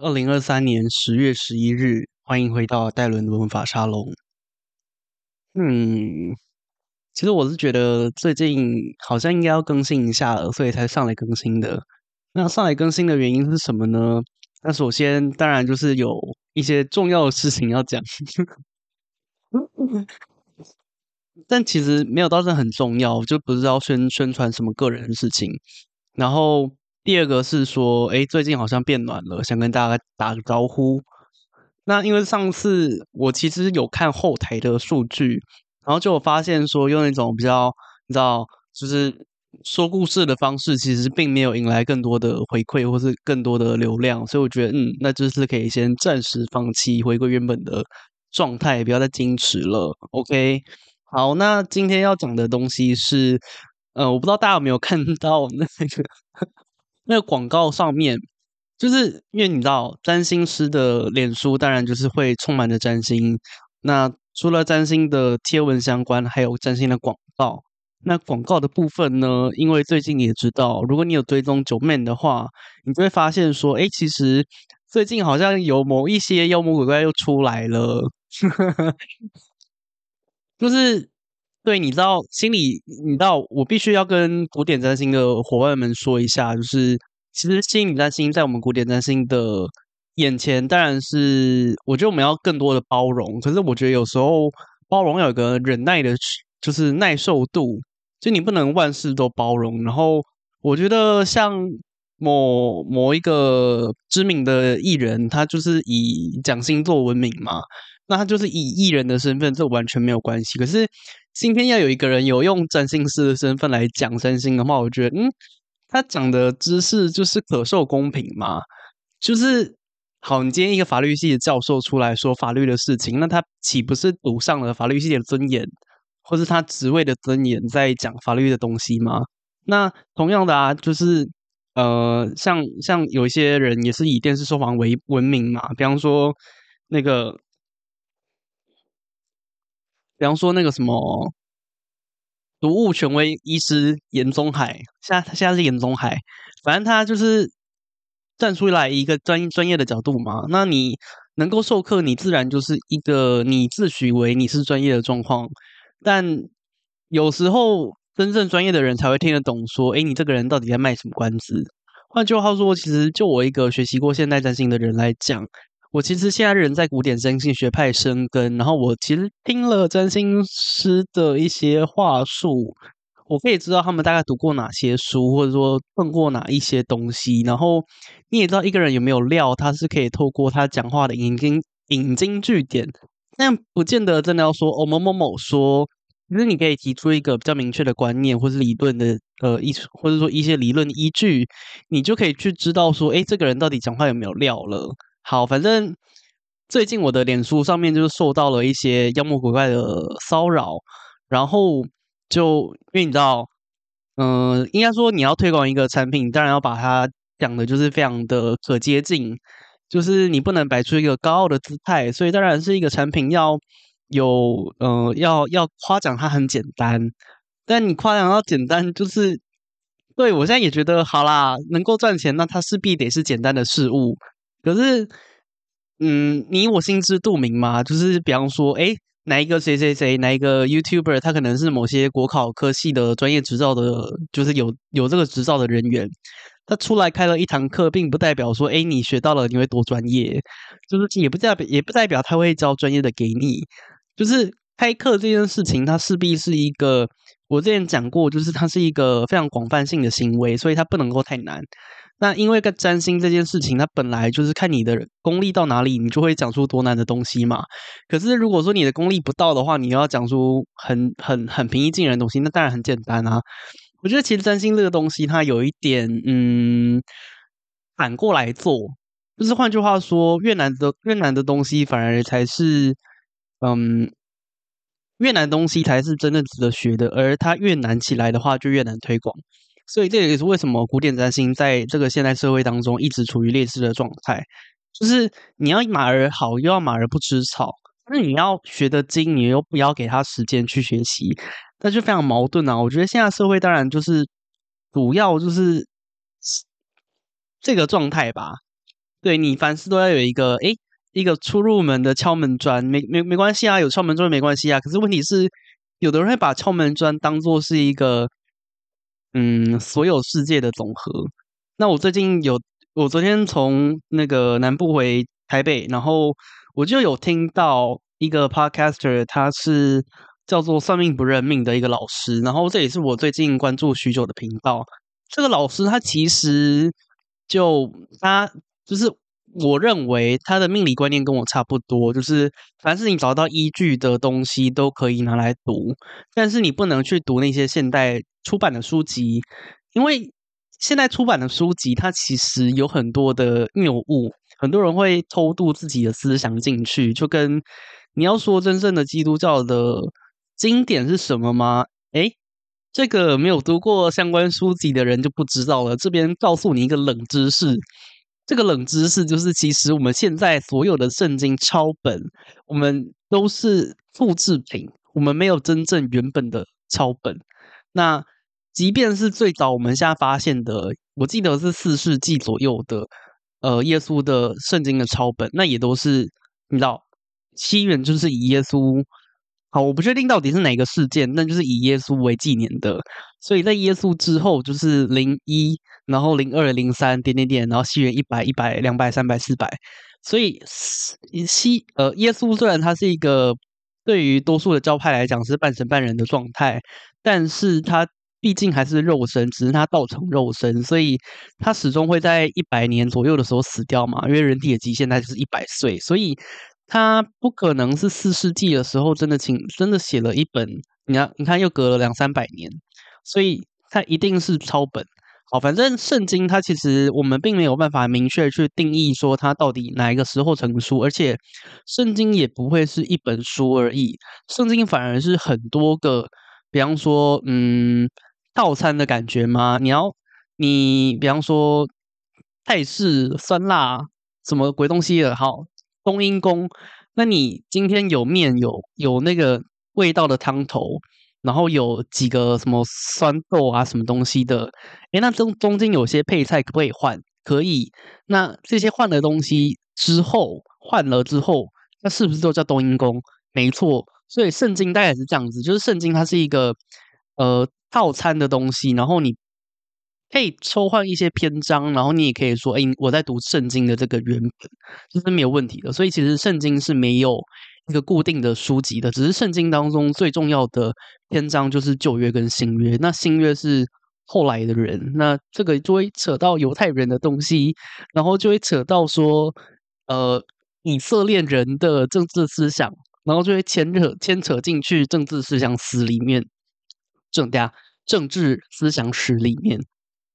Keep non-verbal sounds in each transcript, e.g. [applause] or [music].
二零二三年十月十一日，歡迎回到戴倫文法沙龍。嗯，其實我是覺得最近好像應該要更新一下了，所以才上來更新的。那上來更新的原因是什麼呢？那首先，當然就是有一些重要的事情要講。 [laughs] 但其實沒有到這很重要，就不是要宣宣傳什麼個人的事情。然後。第二個是說，哎，最近好像變暖了，想跟大家打個招呼。那因為上次我其實有看後台的數據，然後就我發現說，用那種比較你知道，就是說故事的方式，其實並沒有引來更多的回饋，或是更多的流量。所以我覺得，嗯，那就是可以先暫時放棄，回歸原本的狀態，不要再矜持了。OK，好，那今天要講的東西是，嗯、呃，我不知道大家有沒有看到我們的那個。 [laughs] 那個廣告上面，就是因為你知道占星師的臉書，當然就是會充滿着占星。那除了占星的貼文相關，還有占星的廣告。那廣告的部分呢，因為最近也知道，如果你有追蹤九 m 的話，你就會發現說，哎、欸，其實最近好像有某一些妖魔鬼怪又出來了， [laughs] 就是。對，你知道心理，你知道我必須要跟古典占星的夥伴們說一下，就是其實心理占星在我們古典占星的眼前，當然是我覺得我們要更多的包容。可是我覺得有時候包容有個忍耐的，就是耐受度，就你不能萬事都包容。然後我覺得像某某一個知名的藝人，他就是以講星座聞名嘛。那他就是以藝人的身份，這完全沒有關係。可是今天要有一個人有用占星師的身份來講占星的話，我覺得，嗯，他講的知識就是可受公平嘛，就是好。你今天一個法律系的教授出來說法律的事情，那他豈不是賭上了法律系的尊嚴，或是他職位的尊嚴在講法律的東西嗎？那同樣的啊，就是呃，像像有一些人也是以電視受訪為聞名嘛，比方說那個。比方說那個什麼，毒物權威醫師顏宗海，現在他現在是顏宗海，反正他就是站出來一個專專業的角度嘛。那你能夠授課，你自然就是一個你自詡為你是專業的狀況。但有時候真正專業的人才會聽得懂說，說哎，你這個人到底在賣什麼關子？換句話說，其實就我一個學習過現代占星的人來講。我其實現在人在古典占星學派生根，然後我其實聽了占星師的一些話術，我可以知道他們大概讀過哪些書，或者說碰過哪一些東西。然後你也知道一個人有沒有料，他是可以透過他講話的引經引經據典，但不見得真的要說，哦某某某說。其實你可以提出一個比較明確的觀念或是理論的呃一或者說一些理論依據，你就可以去知道說，誒，這個人到底講話有沒有料了。好，反正最近我的臉書上面就是受到了一些妖魔鬼怪的騷擾，然後就因為你知道，嗯、呃，應該說你要推廣一個產品，當然要把它講的，就是非常的可接近，就是你不能擺出一個高傲的姿態，所以當然是一個產品要有，嗯、呃，要要誇獎它很簡單，但你誇獎要簡單，就是對我現在也覺得好啦，能夠賺錢，那它勢必得是簡單的事物。可是，嗯，你我心知肚明嘛。就是比方說，哎，哪一個誰誰誰，哪一個 YouTuber，他可能是某些國考科系的專業執照的，就是有有這個執照的人員，他出來開了一堂課，並不代表說，哎，你學到了你會多專業，就是也不代表也不代表他會教專業的給你。就是開課這件事情，它勢必是一個，我之前講過，就是它是一個非常廣泛性的行為，所以它不能夠太難。那因為跟占星這件事情，它本來就是看你的功力到哪裡，你就會講出多難的東西嘛。可是如果說你的功力不到的話，你要講出很很很平易近人的東西，那當然很簡單啊。我覺得其實占星這個東西，它有一點，嗯，反過來做，就是換句話說，越難的越難的東西，反而才是，嗯，越難東西才是真正值得學的，而它越難起來的話，就越難推廣。所以這也是為什麼古典占星在這個現代社會當中一直處於劣勢的狀態，就是你要馬兒好，又要馬兒不吃草，但是你要學得精，你又不要給他時間去學習，那就非常矛盾啊！我覺得現在社會當然就是主要就是這個狀態吧，對，你凡事都要有一個哎，一個初入門的敲門磚，沒沒沒關係啊，有敲門磚沒關係啊。可是問題是，有的人會把敲門磚當做是一個。嗯，所有世界的總和。那我最近有，我昨天從那個南部回台北，然後我就有聽到一個 podcaster，他是叫做“算命不認命”的一個老師。然後這也是我最近關注許久的頻道。這個老師他其實就他就是。我認為他的命理觀念跟我差不多，就是凡是你找到依據的東西都可以拿來讀，但是你不能去讀那些現代出版的書籍，因為現代出版的書籍它其實有很多的謬誤，很多人會偷渡自己的思想進去。就跟你要說真正的基督教的經典是什麼嗎？誒，這個沒有讀過相關書籍的人就不知道了。這邊告訴你一個冷知識。這個冷知識就是，其實我們現在所有的聖經抄本，我們都是複制品，我們沒有真正原本的抄本。那即便是最早我們現在發現的，我記得是四世紀左右的，呃，耶穌的聖經的抄本，那也都是你知道，西元就是以耶穌。好，我不確定到底是哪個事件，那就是以耶穌為紀年的。所以在耶穌之後就是零一，然後零二、零三，點點點，然後西元一百、一百、兩百、三百、四百。所以西呃，耶穌雖然他是一個對於多數的教派來講是半神半人的狀態，但是他畢竟還是肉身，只是他道成肉身，所以他始終會在一百年左右的時候死掉嘛，因為人體的極限他就是一百歲，所以他不可能是四世紀的時候真的請真的寫了一本，你看你看又隔了兩三百年。所以它一定是抄本，好，反正聖經它其實我們並沒有辦法明確去定義說它到底哪一個時候成書，而且聖經也不會是一本書而已，聖經反而是很多個，比方說，嗯，套餐的感覺嘛，你要你比方說泰式酸辣什麼鬼東西的，好，冬陰功，那你今天有面有有那個味道的湯頭。然後有幾個什麼酸豆啊，什麼東西的，誒，那中中間有些配菜可不可以換？可以。那這些換的東西之後，換了之後，那是不是都叫冬陰功？沒錯。所以聖經大概是這樣子，就是聖經它是一個呃套餐的東西，然後你可以抽換一些篇章，然後你也可以說，哎，我在讀聖經的這個原本，這、就是沒有問題的。所以其實聖經是沒有。一個固定的書籍的，只是聖經當中最重要的篇章就是舊約跟新約。那新約是後來的人，那這個就會扯到猶太人的東西，然後就會扯到說，呃，以色列人的政治思想，然後就會牽扯牽扯進去政治思想史裡面，正加政治思想史裡面。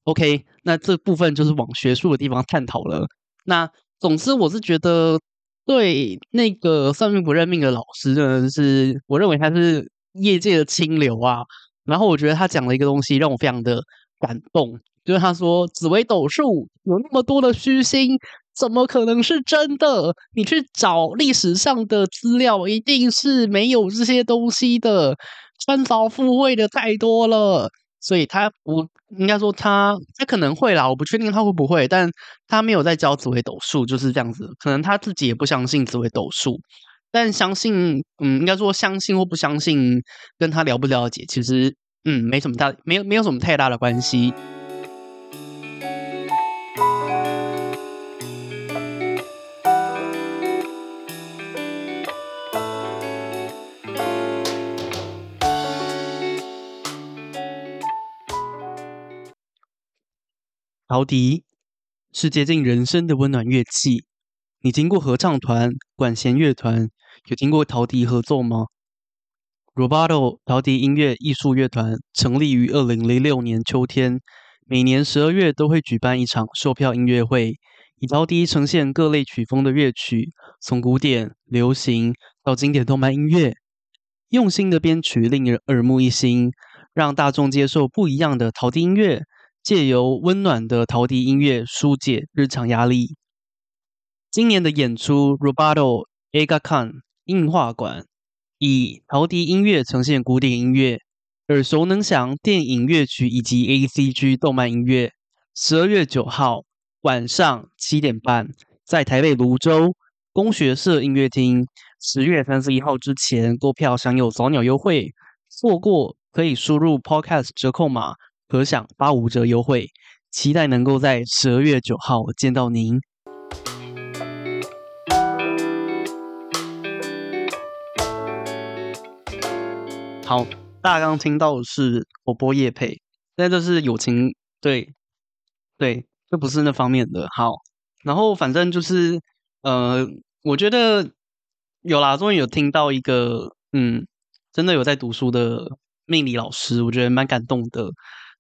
OK，那這部分就是往學術的地方探討了。那總之，我是覺得。對那個認命不認命的老師呢，是我認為他是業界的清流啊。然後我覺得他講了一個東西讓我非常的感動，就是他說紫微斗數有那麼多的虛心，怎麼可能是真的？你去找歷史上的資料，一定是沒有這些東西的，穿鑿附會的太多了。所以他，他我應該說他他可能會啦，我不確定他會不會，但他沒有在教紫微斗數，就是這樣子。可能他自己也不相信紫微斗數，但相信，嗯，應該說相信或不相信，跟他了不了解，其實嗯，沒什麼大，沒有沒有什麼太大的關係。陶笛是接近人聲的溫暖樂器。你聽過合唱團、管弦樂團，有聽過陶笛合奏嗎？Rubato 陶笛音樂藝術樂團成立於二零零六年秋天，每年十二月都會舉辦一場售票音樂會，以陶笛呈現各類曲風的樂曲，從古典、流行到經典動漫音樂，用心的編曲令人耳目一新，讓大眾接受不一樣的陶笛音樂。借由溫暖的陶笛音樂疏解日常壓力。今年的演出《Rubato Eigakan》映畫館，以陶笛音樂呈現古典音樂、耳熟能詳電影樂曲以及 A C G 動漫音樂。十二月九號晚上七點半，在台北蘆洲功學社音樂廳。十月三十一號之前購票享有早鳥優惠，錯過可以輸入 Podcast 折扣碼。可享八五折優惠，期待能夠在十二月九號見到您。好，大家剛聽到的是我播業配，那這是友情，對對，就不是那方面的。好，然後反正就是，呃，我覺得有啦，終於有聽到一個，嗯，真的有在讀書的命理老師，我覺得蠻感動的。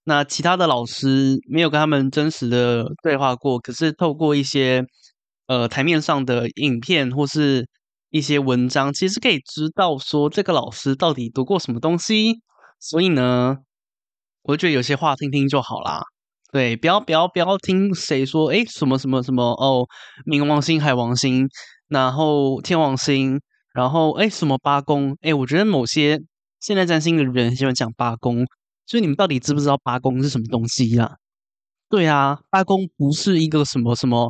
那其他的老師沒有跟他們真實的對話過，可是透過一些呃台面上的影片或是一些文章，其實可以知道說這個老師到底讀過什麼東西。所以呢，我覺得有些話聽聽就好啦。對，不要不要不要聽誰說，誒、欸、什麼什麼什麼哦，冥王星、海王星，然後天王星，然後誒、欸、什麼八宮，誒、欸、我覺得某些現在占星的人喜歡講八宮。所以你們到底知不知道八宮是什麼東西呀？對啊，八宮不是一個什麼什麼，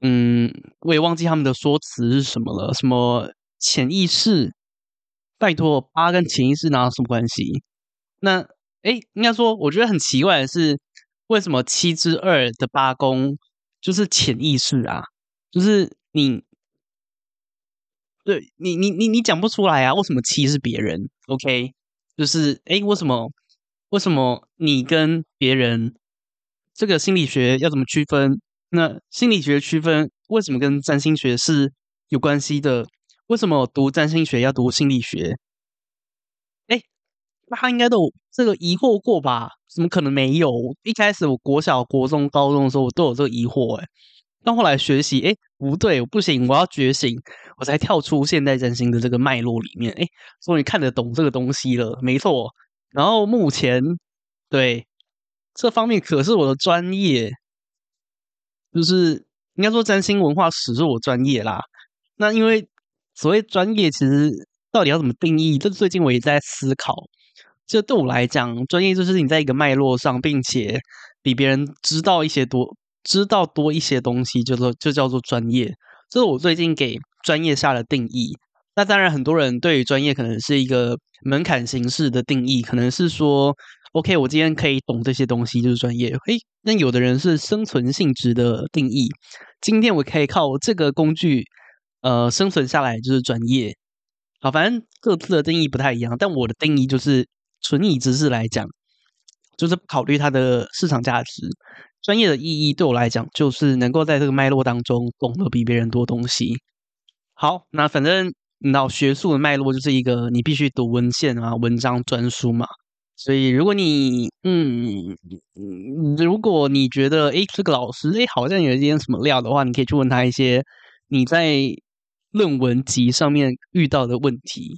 嗯，我也忘記他們的說辭是什麼了。什麼潛意識？拜託，八跟潛意識哪有什麼關係？那哎，應該說，我覺得很奇怪的是，為什麼七之二的八宮就是潛意識啊？就是你，對你，你，你，你講不出來啊？為什麼七是別人？OK，就是哎，為什麼？為什麼你跟別人這個心理學要怎麼區分？那心理學區分為什麼跟占星學是有關係的？為什麼讀占星學要讀心理學？哎，那他應該都這個疑惑過吧？怎麼可能沒有？一開始我國小、國中、高中的時候，我都有這個疑惑哎欸。但後來學習，哎，不對，不行，我要覺醒，我才跳出現代占星的這個脈絡裡面，哎，終於看得懂這個東西了。沒錯哦。然後目前，對，這方面可是我的專業，就是應該說占星文化史是我專業啦。那因為所謂專業，其實到底要怎麼定義？這最近我也在思考。就對我來講，專業就是你在一個脈絡上，並且比別人知道一些多，知道多一些東西就，叫做就叫做專業。這是我最近給專業下的定義。那當然，很多人對於專業可能是一個門檻形式的定義，可能是說，OK，我今天可以懂這些東西就是專業。嘿，那有的人是生存性質的定義，今天我可以靠這個工具，呃，生存下來就是專業。好，反正各自的定義不太一樣，但我的定義就是純以知識來講，就是考慮它的市場價值。專業的意義對我來講，就是能夠在這個脈絡當中懂得比別人多東西。好，那反正。然後學術的脈絡就是一個，你必須讀文獻啊，文章專書嘛。所以，如果你嗯，如果你覺得誒、欸、這個老師哎、欸，好像有點什麼料的話，你可以去問他一些你在論文集上面遇到的問題。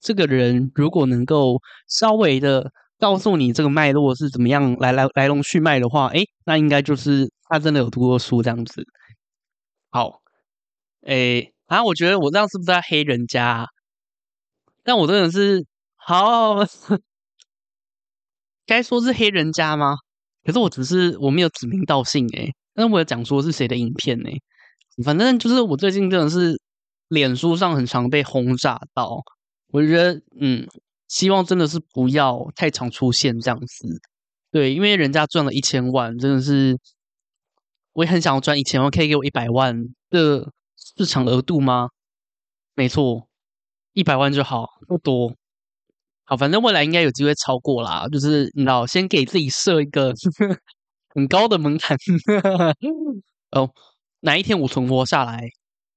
這個人如果能夠稍微的告訴你這個脈絡是怎麼樣來來來龍去脈的話，誒、欸、那應該就是他真的有讀過書這樣子。好，誒、欸啊！我覺得我這樣是不是在黑人家？啊？但我真的是好，該說是黑人家嗎？可是我只是我沒有指名道姓誒、欸、但是我也講說是誰的影片誒、欸、反正就是我最近真的是臉書上很常被轟炸到，我覺得嗯，希望真的是不要太常出現這樣子。對，因為人家賺了一千萬，真的是我也很想要賺一千萬，可以給我一百萬的。日常額度嗎？沒錯，一百萬就好，不多。好，反正未來應該有機會超過啦。就是你知道，先給自己設一個很高的門檻。 [laughs] 哦，哪一天我存活下來，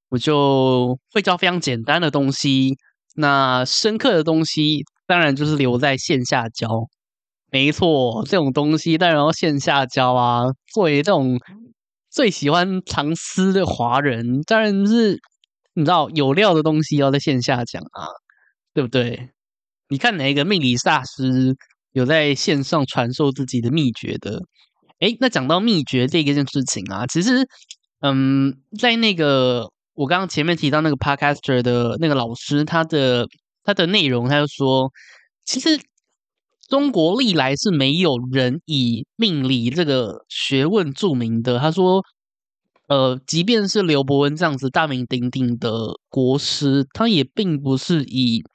我就會教非常簡單的東西。那深刻的東西，當然就是留在線下教。沒錯，這種東西當然要線下教啊。作為這種。最喜歡藏私的華人，當然是你知道有料的東西要在線下講啊，對不對？你看哪一個命理大師有在線上傳授自己的秘訣的？誒，那講到秘訣這一件事情啊，其實，嗯，在那個我剛剛前面提到那個 Podcaster 的那個老師，他的他的內容，他就說，其實。中國歷來是沒有人以命理這個學問著名的。他說，呃，即便是劉伯溫這樣子大名鼎鼎的國師，他也並不是以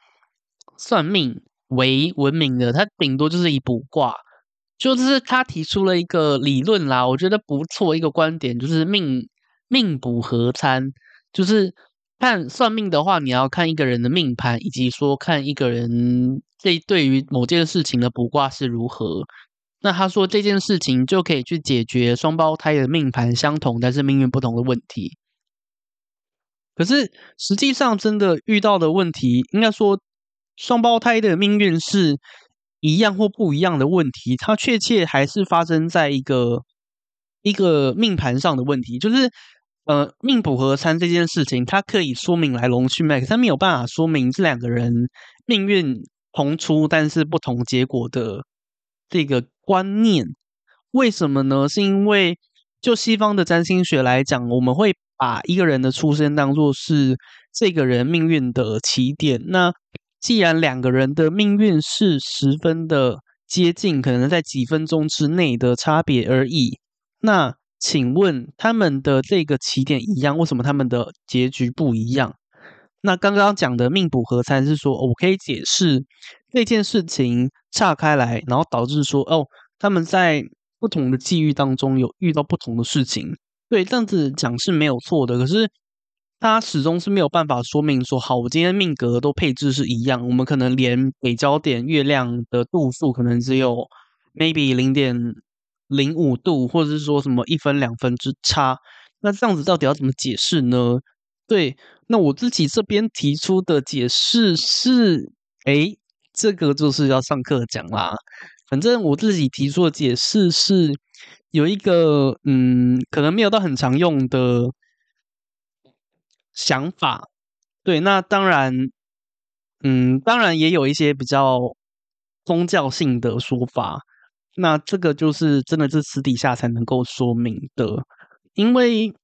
算命為聞名的，他頂多就是以卜卦，就是他提出了一個理論啦，我覺得不錯一個觀點，就是命命卜合參，就是。看算命的話，你要看一個人的命盤，以及說看一個人這對於某件事情的卜卦是如何。那他說這件事情就可以去解決雙胞胎的命盤相同，但是命運不同的問題。可是實際上真的遇到的問題，應該說雙胞胎的命運是一樣或不一樣的問題，它確切還是發生在一個一個命盤上的問題，就是。呃，命卜合參這件事情，它可以說明來龍去脈，可它沒有辦法說明這兩個人命運同出，但是不同結果的這個觀念。為什麼呢？是因為就西方的占星學來講，我們會把一個人的出生當作是這個人命運的起點。那既然兩個人的命運是十分的接近，可能在幾分鐘之內的差別而已，那。請問他們的這個起點一樣，為什麼他們的結局不一樣？那剛剛講的命卜合參是說我可以解釋這件事情岔開來，然後導致說哦，他們在不同的際遇當中有遇到不同的事情。對，這樣子講是沒有錯的。可是他始終是沒有辦法說明說，好，我今天命格都配置是一樣，我們可能連北交點月亮的度數可能只有 maybe 零點零五度，或者是說什麼一分兩分之差，那這樣子到底要怎麼解釋呢？對，那我自己這邊提出的解釋是，哎、欸，這個就是要上課講啦。反正我自己提出的解釋是有一個，嗯，可能沒有到很常用的想法。對，那當然，嗯，當然也有一些比較宗教性的說法。那這個就是真的是私底下才能夠說明的，因為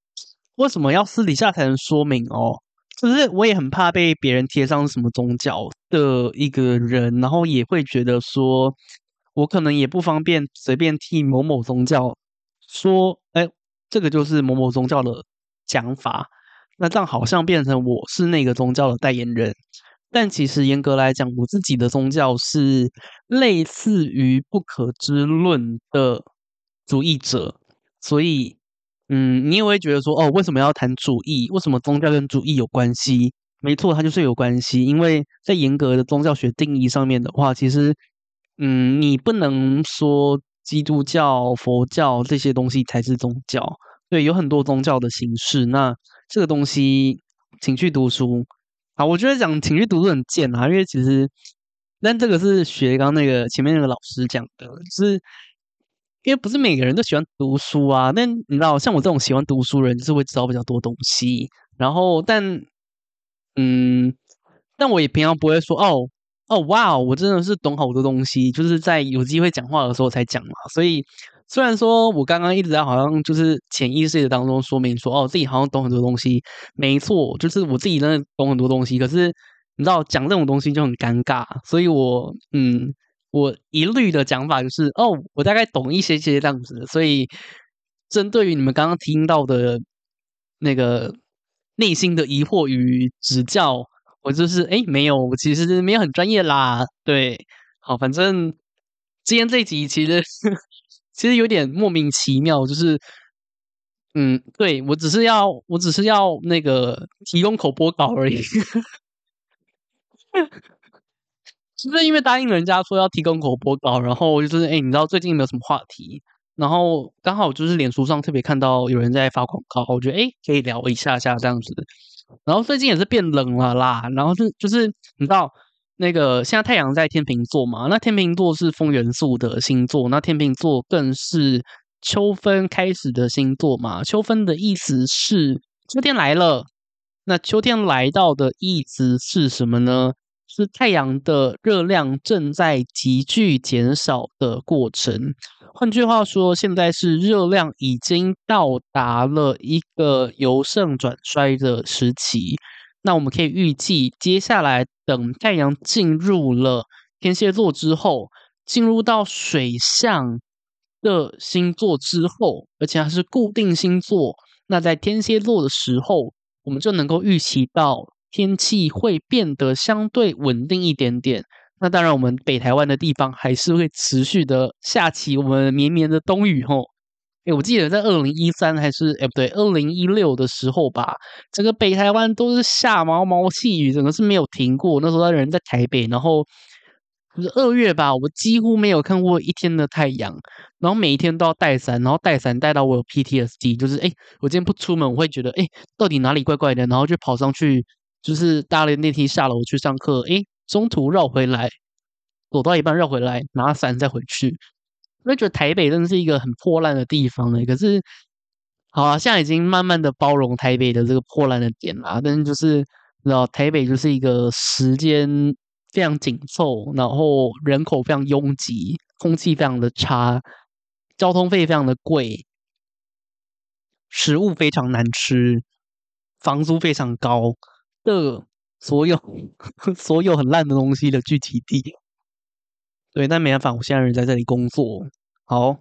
為什麼要私底下才能說明哦？就是我也很怕被別人貼上什麼宗教的一個人，然後也會覺得說，我可能也不方便隨便替某某宗教說、哎，誒這個就是某某宗教的講法，那這樣好像變成我是那個宗教的代言人。但其實嚴格來講，我自己的宗教是類似於不可知論的主義者，所以，嗯，你也會覺得說，哦，為什麼要談主義？為什麼宗教跟主義有關係？沒錯，它就是有關係。因為在嚴格的宗教學定義上面的話，其實，嗯，你不能說基督教、佛教這些東西才是宗教，對，有很多宗教的形式。那這個東西，請去讀書。我覺得講情緒讀書很賤啊，因為其實，但這個是學剛剛那個前面那個老師講的，就是因為不是每個人都喜歡讀書啊。那你知道，像我這種喜歡讀書的人，就是會知道比較多東西。然後，但嗯，但我也平常不會說哦哦哇、wow，我真的是懂好多東西，就是在有機會講話的時候才講嘛。所以。雖然說，我剛剛一直在好像就是潛意識的當中說，明說哦，我自己好像懂很多東西，沒錯，就是我自己真的懂很多東西。可是你知道講這種東西就很尷尬，所以我嗯，我一律的講法就是哦，我大概懂一些些這樣子。所以針對於你們剛剛聽到的那個內心的疑惑與指教，我就是誒、欸、沒有，我其實沒有很專業啦。對，好，反正今天這集其實。其實有點莫名其妙，就是，嗯，對，我只是要，我只是要那個提供口播稿而已，是不 [laughs] 是因為答應人家說要提供口播稿，然後就是，誒、哎、你知道最近有沒有什麼話題？然後剛好就是臉書上特別看到有人在發廣告，我覺得誒、哎、可以聊一下下這樣子。然後最近也是變冷了啦，然後是就，就是你知道。那個現在太陽在天秤座嘛，那天秤座是風元素的星座，那天秤座更是秋分開始的星座嘛。秋分的意思是秋天來了，那秋天來到的意思是什麼呢？是太陽的熱量正在急劇減少的過程。換句話說，現在是熱量已經到達了一個由盛轉衰的時期。那我們可以預計，接下來等太陽進入了天蠍座之後，進入到水象的星座之後，而且還是固定星座，那在天蠍座的時候，我們就能夠預期到天氣會變得相對穩定一點點。那當然，我們北台灣的地方還是會持續的下起我們綿綿的冬雨吼、哦。哎，我記得在二零一三還是哎不對，二零一六的時候吧，整個北台灣都是下毛毛細雨，整個是沒有停過。那時候在人在台北，然後，就是二月吧，我幾乎沒有看過一天的太陽，然後每一天都要帶傘，然後帶傘帶到我有 PTSD，就是哎，我今天不出門，我會覺得哎，到底哪裡怪怪的，然後就跑上去，就是搭了電梯下樓去上課，哎，中途繞回來，走到一半繞回來拿傘再回去。我就覺得台北真的是一個很破爛的地方呢。可是，好啊，現在已經慢慢的包容台北的這個破爛的點啦。但是就是，然後台北就是一個時間非常緊湊，然後人口非常擁擠，空氣非常的差，交通費非常的貴，食物非常難吃，房租非常高，的所有所有很爛的東西的聚集地。對，但沒辦法，我現在人在這裡工作。好，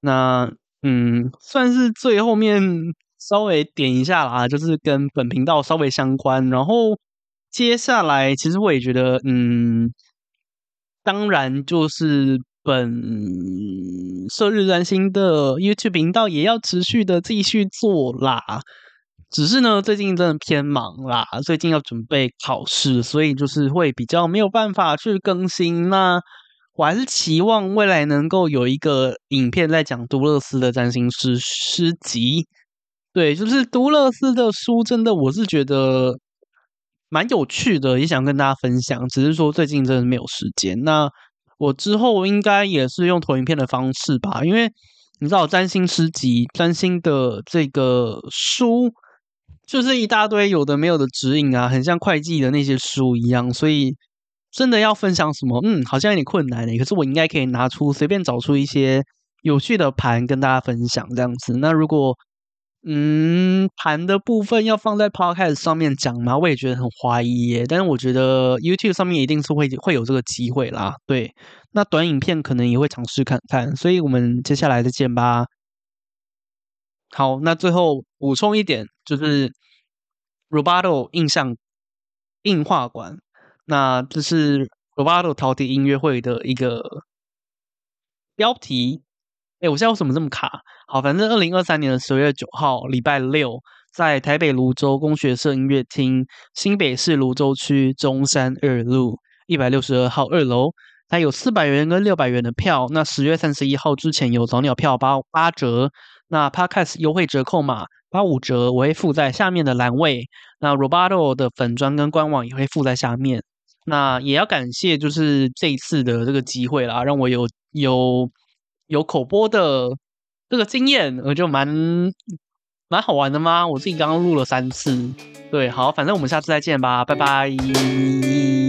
那嗯，算是最後面稍微點一下啦，就是跟本頻道稍微相關。然後接下來，其實我也覺得，嗯，當然就是本社日專心的 YouTube 頻道也要持續的繼續做啦。只是呢，最近真的偏忙啦，最近要準備考試，所以就是會比較沒有辦法去更新啦。那。我還是期望未來能夠有一個影片在講杜勒斯的占星詩詩集，對，就是杜勒斯的書，真的我是覺得蠻有趣的，也想跟大家分享，只是說最近真的沒有時間。那我之後應該也是用投影片的方式吧，因為你知道占星詩集、占星的這個書，就是一大堆有的沒有的指引啊，很像會計的那些書一樣，所以。真的要分享什麼？嗯，好像有點困難呢。可是我應該可以拿出隨便找出一些有趣的盤跟大家分享這樣子。那如果嗯盤的部分要放在 Podcast 上面講嗎？我也覺得很懷疑耶。但是我覺得 YouTube 上面一定是會會有這個機會啦。對，那短影片可能也會嘗試看看。所以我們接下來再見吧。好，那最後補充一點，就是 Rubato 印象映畫館。那這是 Rubato 陶笛音樂會的一個標題。哎，我現在為什麼這麼卡？好，反正二零二三年的十月九號，禮拜六，在台北瀘州功學社音樂廳，新北市瀘州區中山二路一百六十二號二樓。它有四百元跟六百元的票。那十月三十一號之前有早鳥票，八八折。那 Podcast 優惠折扣碼八五折，我會附在下面的欄位。那 Rubato 的粉專跟官網也會附在下面。那也要感謝，就是這一次的這個機會啦，讓我有有有口播的這個經驗，我就蠻蠻好玩的嘛。我自己剛剛錄了三次，對，好，反正我們下次再見吧，拜拜。